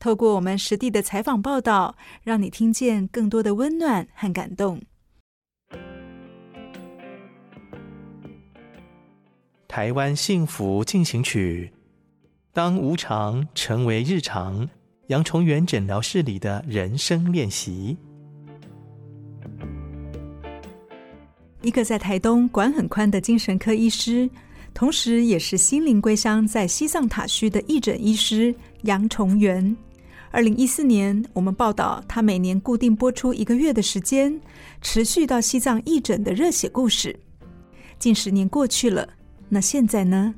透過我們實地的採訪報道，讓你聽見更多的溫暖和感動。台灣幸福進行曲，當無常成為日常，楊重源診療室裡的人生練習。一個在台東管很寬的精神科醫師，同時也是心靈歸鄉在西藏塔須的義診醫師楊重源。二零一四年，我們報導他每年固定撥出一個月的時間，持續到西藏義診的熱血故事。近十年過去了，那現在呢？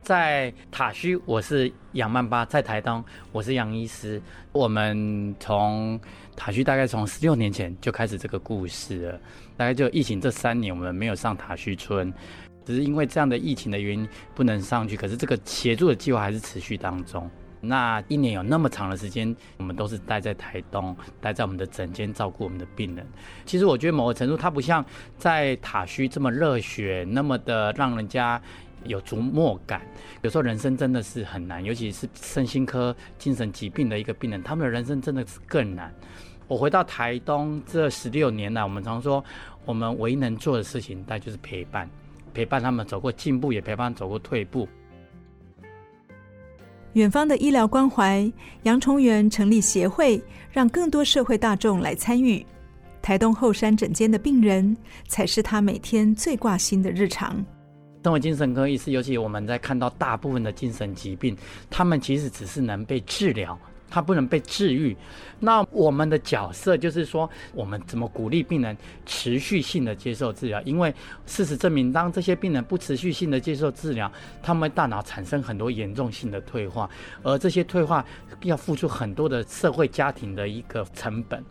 在塔須，我是楊曼巴；在台東，我是楊醫師。我們從塔須大概從十六年前就開始這個故事了。大概就疫情這三年，我們沒有上塔須村，只是因為這樣的疫情的原因不能上去。可是這個協助的計劃還是持續當中。那一年有那麼長的時間，我們都是待在台東，待在我們的診間照顧我們的病人。其實我覺得某個程度，它不像在塔須這麼熱血，那麼的讓人家有矚目感。有時候人生真的是很難，尤其是身心科精神疾病的一個病人，他們的人生真的是更難。我回到台東這十六年來，啊，我們常說我們唯一能做的事情，大概就是陪伴，陪伴他們走過進步，也陪伴走過退步。遠方的醫療關懷，楊重源成立協會，讓更多社會大眾來參與。台東後山診間的病人，才是他每天最掛心的日常。身為精神科醫師，尤其我們在看到大部分的精神疾病，他們其實只是能被治療。它不能被治癒，那我們的角色就是說，我們怎麼鼓勵病人持續性的接受治療？因為事實證明，當這些病人不持續性的接受治療，他們大腦產生很多嚴重性的退化，而這些退化必要付出很多的社會家庭的一個成本。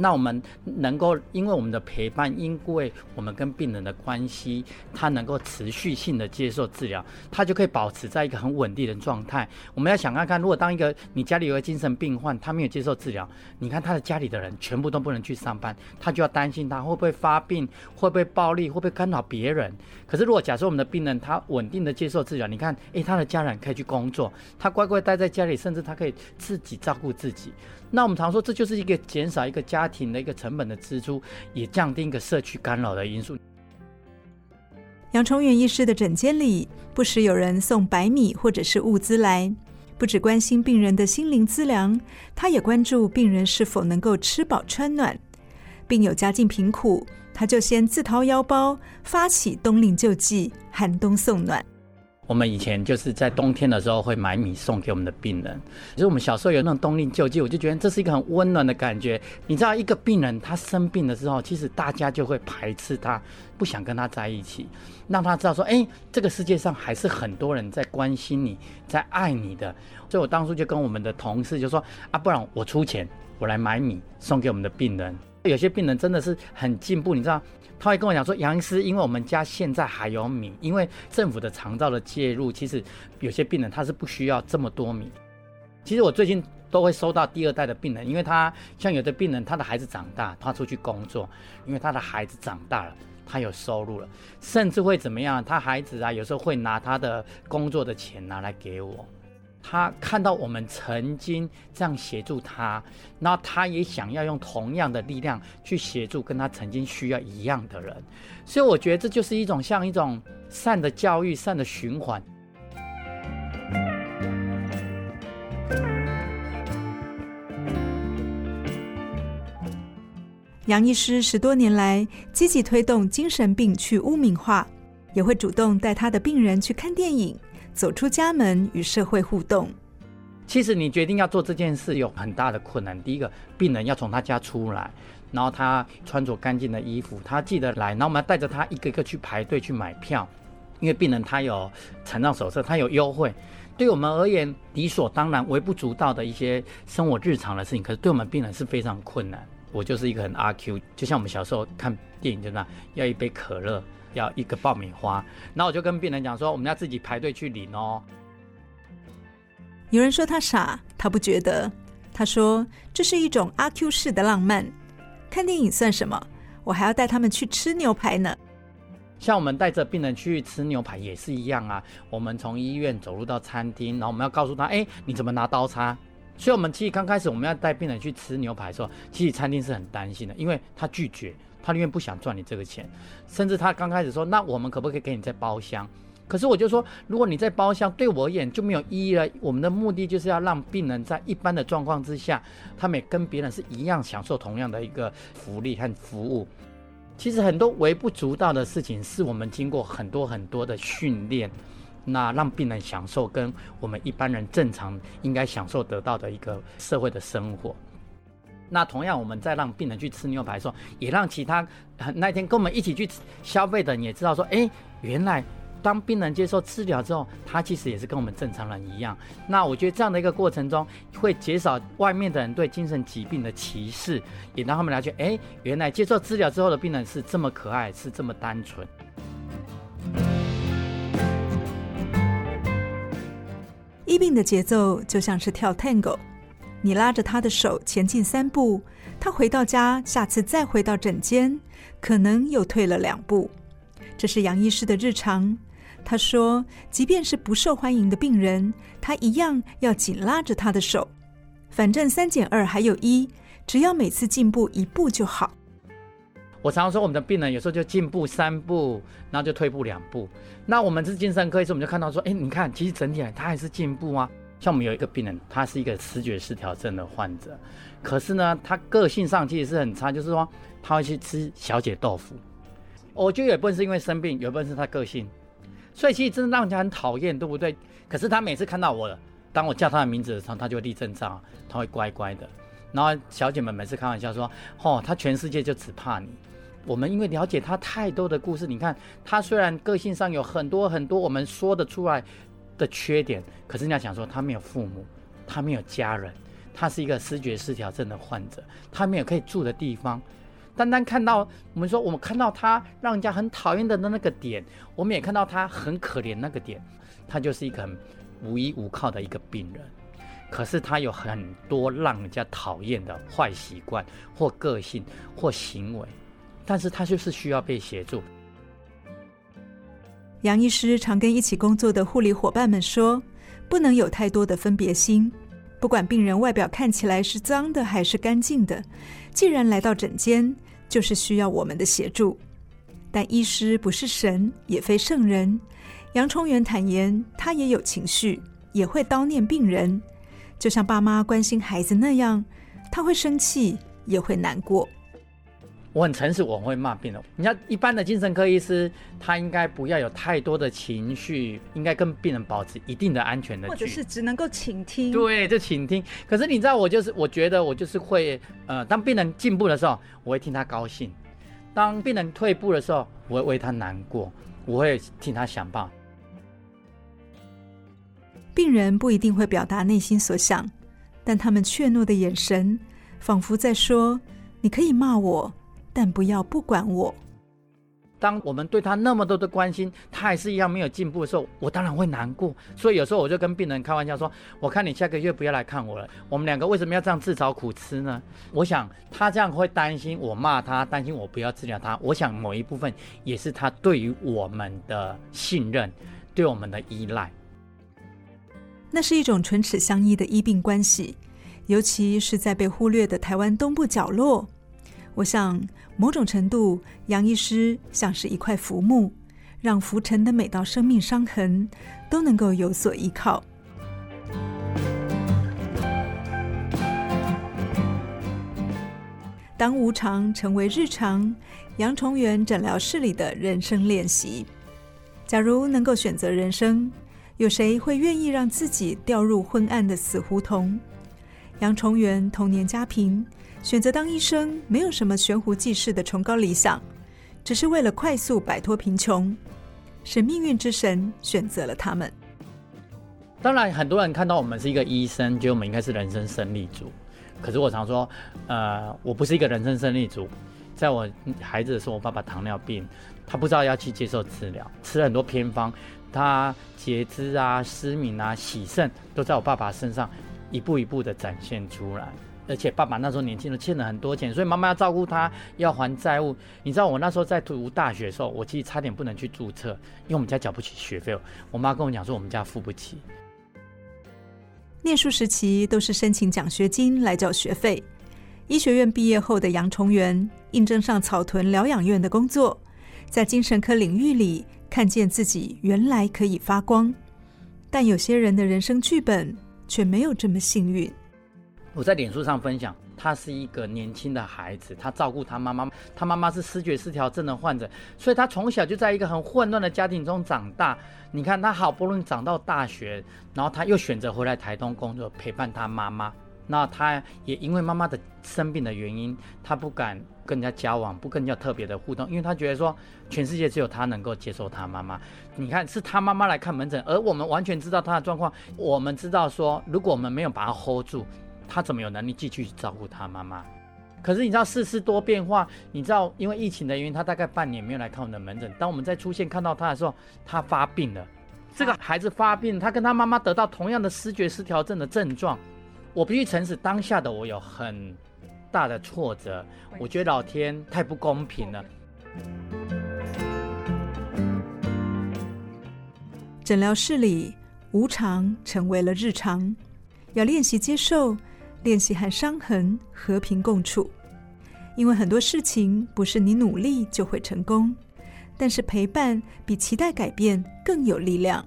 那我們能夠，因為我們的陪伴，因為我們跟病人的關係，他能夠持續性的接受治療，他就可以保持在一個很穩定的狀態。我們要想看看，如果當一個你家裡有個精神病患，他沒有接受治療，你看他的家裡的人全部都不能去上班，他就要擔心他會不會發病，會不會暴力，會不會干擾別人。可是如果假設我們的病人他穩定的接受治療，你看，誒、欸，他的家人可以去工作，他乖乖待在家裡，甚至他可以自己照顧自己。那我們常說，這就是一個減少一個家停的一個成本的支出，也降低一個社區干擾的因素。楊重源醫師的診間裡，不時有人送白米或者是物資來，不止關心病人的心靈資糧，他也關注病人是否能夠吃飽穿暖。病友家境貧苦，他就先自掏腰包發起冬令救濟，寒冬送暖。我們以前就是在冬天的時候會買米送給我們的病人，其實我們小時候有那種冬令救濟，我就覺得這是一個很溫暖的感覺。你知道，一個病人他生病的時候，其實大家就會排斥他，不想跟他在一起，讓他知道說，哎、欸，這個世界上還是很多人在關心你，在愛你的。所以，我當初就跟我們的同事就說，啊，不然我出錢，我來買米送給我們的病人。有些病人真的是很進步，你知道。他會跟我講說，楊醫師，因為我們家現在還有米，因為政府的長照的介入，其實有些病人他是不需要這麼多米。其實我最近都會收到第二代的病人，因為他像有的病人，他的孩子長大，他出去工作，因為他的孩子長大了，他有收入了，甚至會怎麼樣？他孩子啊，有時候會拿他的工作的錢拿來給我。他看到我們曾經這樣協助他，那他也想要用同樣的力量去協助跟他曾經需要一樣的人，所以我覺得這就是一種像一種善的教育、善的循環。楊醫師十多年來積極推動精神病去污名化，也會主動帶他的病人去看電影。走出家門與社會互動。其實你決定要做這件事有很大的困難。第一個，病人要從他家出來，然後他穿着乾淨的衣服，他記得來，然後我們帶着他一個一個去排隊去買票。因為病人他有殘障手冊，他有優惠，對我們而言理所當然、微不足道的一些生活日常的事情，可是對我們病人是非常困難。我就是一個很阿 Q，就像我們小時候看電影就那樣要一杯可樂。要一個爆米花，那我就跟病人講說，我們要自己排隊去領哦。有人說他傻，他不覺得，他說這是一種阿 Q 式的浪漫。看電影算什麼？我還要帶他們去吃牛排呢。像我們帶着病人去吃牛排也是一樣啊，我們從醫院走入到餐廳，然後我們要告訴他，哎，你怎麼拿刀叉？所以，我們其實剛開始我們要帶病人去吃牛排的時候，其實餐廳是很擔心的，因為他拒絕。他寧願不想賺你這個錢，甚至他剛開始說：“那我們可不可以給你在包廂？”可是我就說：“如果你在包廂，對我而言就沒有意義了。我們的目的就是要讓病人在一般的狀況之下，他們也跟別人是一樣享受同樣的一個福利和服務。其實很多微不足道的事情，是我們經過很多很多的訓練，那讓病人享受跟我們一般人正常應該享受得到的一個社會的生活。”那同樣，我們在讓病人去吃牛排的時候，也讓其他、呃、那天跟我們一起去消費的，你也知道說，哎、欸，原來當病人接受治療之後，他其實也是跟我們正常人一樣。那我覺得這樣的一個過程中，會減少外面的人對精神疾病的歧視，也讓他們了解，哎、欸，原來接受治療之後的病人是這麼可愛，是這麼單純。醫病的節奏就像是跳 tango。你拉着他的手前進三步，他回到家，下次再回到診間，可能又退了兩步。這是楊醫師的日常。他說，即便是不受歡迎的病人，他一樣要緊拉着他的手。反正三減二還有一，只要每次進步一步就好。我常說，我們的病人有時候就進步三步，然後就退步兩步。那我們是精神科醫師，我們就看到說，誒，你看，其實整體他還是進步啊。像我們有一個病人，他是一個思覺失調症的患者，可是呢，他個性上其實是很差，就是說他會去吃小姐豆腐。我覺得有一部分是因為生病，有一部分是他個性，所以其實真的讓人家很討厭，對不對？可是他每次看到我了，當我叫他的名字的時候，他就會立正站好，他會乖乖的。然後小姐們每次開玩笑說：“哦，他全世界就只怕你。”我們因為了解他太多的故事，你看他雖然個性上有很多很多我們說得出來。的缺點，可是人家想說他沒有父母，他沒有家人，他是一個思覺失調症的患者，他沒有可以住的地方。單單看到我們說，我們看到他讓人家很討厭的那個點，我們也看到他很可憐那個點，他就是一個很無依無靠的一個病人。可是他有很多讓人家討厭的壞習慣或個性或行為，但是他就是需要被協助。楊醫師常跟一起工作的護理夥伴們說：“不能有太多的分別心，不管病人外表看起來是髒的還是乾淨的，既然來到診間，就是需要我們的協助。但醫師不是神，也非聖人。”楊重源坦言，他也有情緒，也會叨唸病人，就像爸媽關心孩子那樣，他會生氣，也會難過。我很誠實，我很會罵病人。你像一般的精神科醫師，他應該不要有太多的情緒，應該跟病人保持一定的安全的距離或者是只能夠傾聽。對，就傾聽。可是你知道，我就是，我覺得我就是會，呃，當病人進步的時候，我會替他高興；當病人退步的時候，我會為他難過，我會替他想辦法。病人不一定會表達內心所想，但他們怯懦的眼神，仿佛在說：“你可以罵我。”但不要不管我。當我們對他那麼多的關心，他還是一樣沒有進步的時候，我當然會難過。所以有時候我就跟病人開玩笑說：“我看你下個月不要來看我了，我們兩個為什麼要這樣自找苦吃呢？”我想他這樣會擔心我罵他，擔心我不要治療他。我想某一部分也是他對於我們的信任，對我們的依賴。那是一種唇齒相依的醫病關係，尤其是在被忽略的台灣東部角落。我想，某種程度，楊醫師像是一塊浮木，讓浮沉的每道生命傷痕都能夠有所依靠。當無常成為日常，楊重源診療室裡的人生練習。假如能夠選擇人生，有誰會願意讓自己掉入昏暗的死胡同？楊重源童年家貧，選擇當醫生，沒有什麼懸壺濟世的崇高理想，只是為了快速擺脫貧窮。是命運之神選擇了他們。當然，很多人看到我們是一個醫生，覺得我們應該是人生勝利組。可是我常說，呃，我不是一個人生勝利組。在我孩子的時候，我爸爸糖尿病，他不知道要去接受治療，吃了很多偏方，他截肢啊、失明啊、洗腎，都在我爸爸身上。一步一步的展現出來，而且爸爸那時候年輕人欠了很多錢，所以媽媽要照顧他，要還債務。你知道我那時候在讀大學的時候，我其實差點不能去註冊，因為我們家繳不起學費。我媽跟我講說，我們家付不起。念書時期都是申請獎學金來繳學費。醫學院畢業後的楊重源應徵上草屯療養院的工作，在精神科領域裡看見自己原來可以發光，但有些人的人生劇本。卻沒有這麼幸運。我在臉書上分享，他是一個年輕的孩子，他照顧他媽媽，他媽媽是思覺失調症的患者，所以他從小就在一個很混亂的家庭中長大。你看他好不容易長到大學，然後他又選擇回來台東工作，陪伴他媽媽。那他也因為媽媽的生病的原因，他不敢跟人家交往，不跟人家特別的互動，因為他覺得說全世界只有他能夠接受他媽媽。你看，是他媽媽來看門診，而我們完全知道他的狀況，我們知道說，如果我們沒有把他 hold 住，他怎麼有能力繼續去照顧他媽媽？可是你知道世事多變化，你知道因為疫情的原因，他大概半年沒有來看我們的門診。當我們再出現看到他的時候，他發病了。這個孩子發病，他跟他媽媽得到同樣的思覺失調症的症狀。我必須承認，當下的我有很大的挫折。我覺得老天太不公平了。診療室裡，無常成為了日常，要練習接受，練習和傷痕和平共處。因為很多事情不是你努力就會成功，但是陪伴比期待改變更有力量。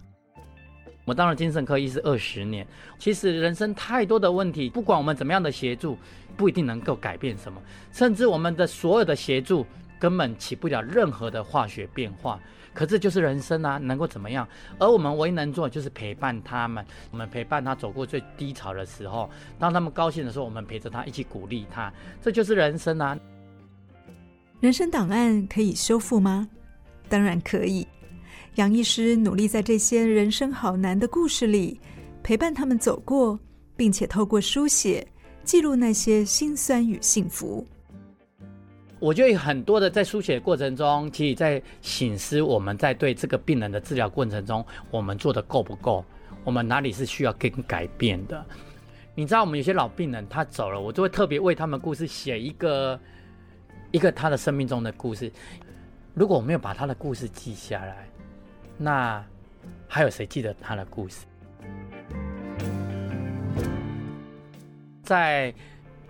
我當了精神科醫師二十年，其實人生太多的問題，不管我們怎麼樣的協助，不一定能夠改變什麼，甚至我們的所有的協助根本起不了任何的化學變化。可這就是人生啊，能夠怎麼樣？而我們唯一能做就是陪伴他們，我們陪伴他走過最低潮的時候，當他們高興的時候，我們陪着他一起鼓勵他，這就是人生啊。人生檔案可以修復嗎？當然可以。楊醫師努力在這些人生好難的故事裡陪伴他們走過，並且透過書寫記錄那些心酸與幸福。我覺得很多的在書寫過程中，其實，在省思我們在對這個病人的治療過程中，我們做的夠不夠？我們哪裡是需要更改變的？你知道，我們有些老病人他走了，我就會特別為他們故事寫一個一個他的生命中的故事。如果我沒有把他的故事記下來，那還有誰記得他的故事？在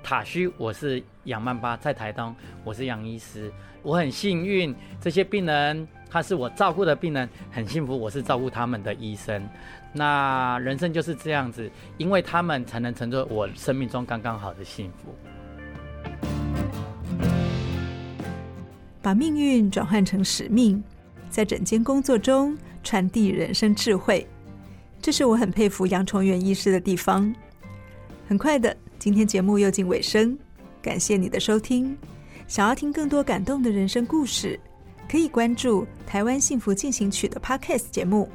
塔須，我是楊曼巴；在台東，我是楊醫師。我很幸運，這些病人他是我照顧的病人，很幸福。我是照顧他們的醫生。那人生就是這樣子，因為他們才能成就我生命中剛剛好的幸福。把命運轉換成使命。在整間工作中傳遞人生智慧，這是我很佩服楊重源醫師的地方。很快的，今天節目又近尾聲，感謝你的收聽。想要聽更多感動的人生故事，可以關注《台灣幸福進行曲》的 Podcast 節目，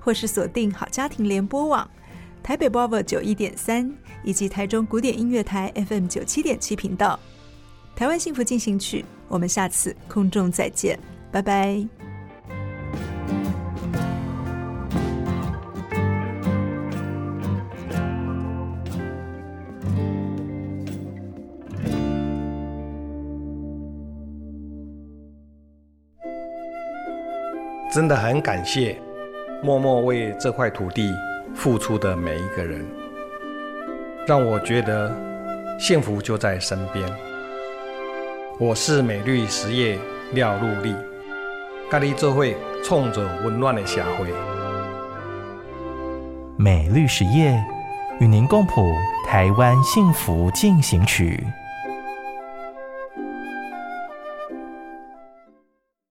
或是鎖定好家庭聯播網、台北 BRAVO 九一點三以及台中古典音樂台 FM 九七點七頻道。台灣幸福進行曲，我們下次空中再見，拜拜。真的很感謝默默為這塊土地付出的每一個人，讓我覺得幸福就在身邊。我是美律實業廖祿立咖喱這會衝着溫暖的社會美。美律實業與您共譜台灣幸福進行曲。